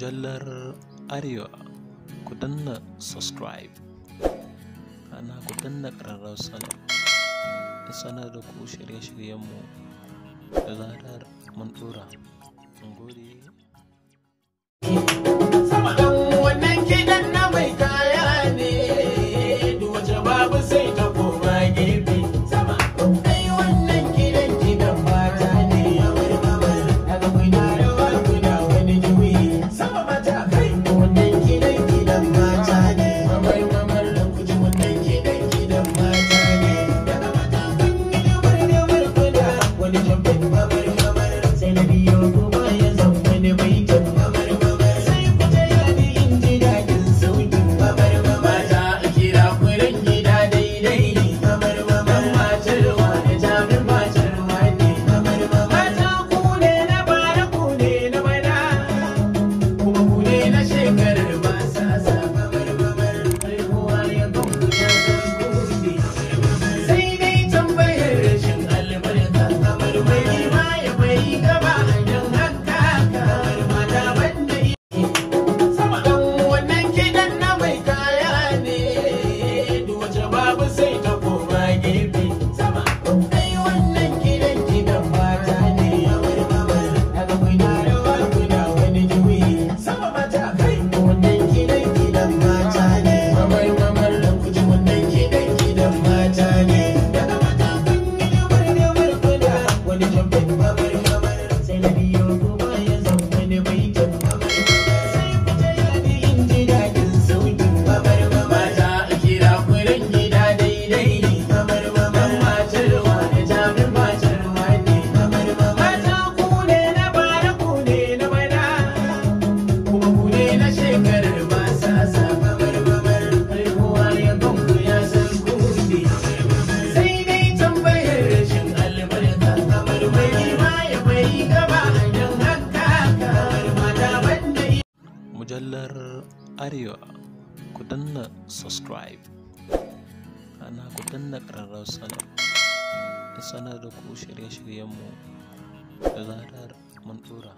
mujallar Arewa ku danna subscribe ana ku danna ƙararrawar sanar da sanar da ku shirye-shiryenmu da zarar mun ɗora. gode. I was arewa ku danna subscribe ana ku danna ƙararrar sanar da sanar da ku shirye-shiryenmu da zarar mun ɗora